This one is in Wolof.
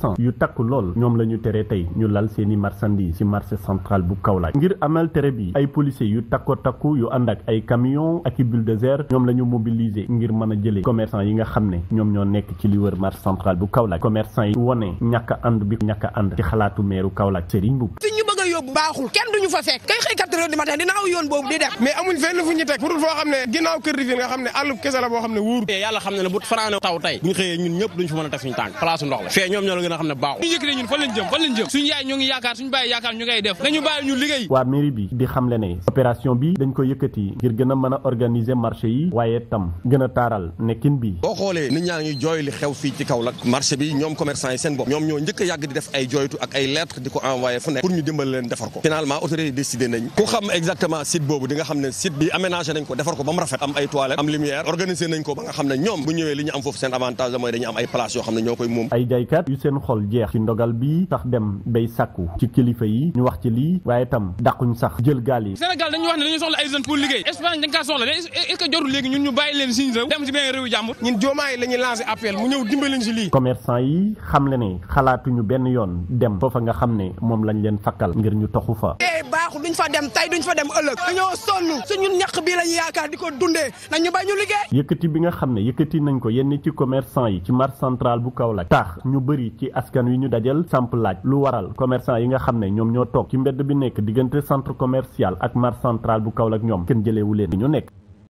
cent yu takku lool ñoom la ñu tere tey ñu lal seeni marchandise ci marché central bu Kaolack ngir amal tere bi ay policiers yu takko takku yu ànd ak ay camion ak i bulldozer ñoom lañu ñu ngir mën a jëlee commerçant yi nga xam ne ñoom ñoo nekk ci li wër marché central bu Kaolack commerçant yi wone ñàkk ànd bi ñàkk ànd ci xalaatu meeru Kaolack Serigne Mboup yóbbu baaxul kenn duñu fa fekk kay xëy quatre heures du matin dina aw yoon boobu di dem mais amul fenn fu ñu teg pour foo xam ne ginnaaw kër di fi nga xam ne àllu kese la boo xam ne wóoru yàlla xam ne bu fanaane taw tey bu ñu xëyee ñun ñëpp duñ fa mën a teg suñu a ñu yëkkati ñun ñu ngay def nañu bàyyi ñu liggéey waa mairie bi di xamle ne opération bi dañ ko yëkkati ngir gën a mën a organiser marché yi waaye tam gën a taaral nekkin bi boo xoolee a leen defar ko finalement autorités yi décidé nañ ku xam exactement site boobu di xam ne site bi aménagé nañ ko defar ko ba mu rafet am ay toilettes am lumière organisé nañ ko ba nga xam ne ñoom bu leen siñ réew ngir ñu taxu fa eh, baaxul duñ fa dem tey duñ fa dem ëllëg dañoo sonn suñu ñaq bi lañu yaakaar di ko dundee nañu ba ñu liggéey yëkkati bi nga xam ne yëkkati nañ ko yenn ci commerçant yi ci marché central bu Kaolack taax ñu bëri ci askan wi ñu dajal samp laaj lu waral commerçant yi nga xam ne ñoom ñoo toog ci mbedd bi nekk diggante centre commercial ak marché central bu Kaolack ñoom kenn jëleewu leen ñu nekk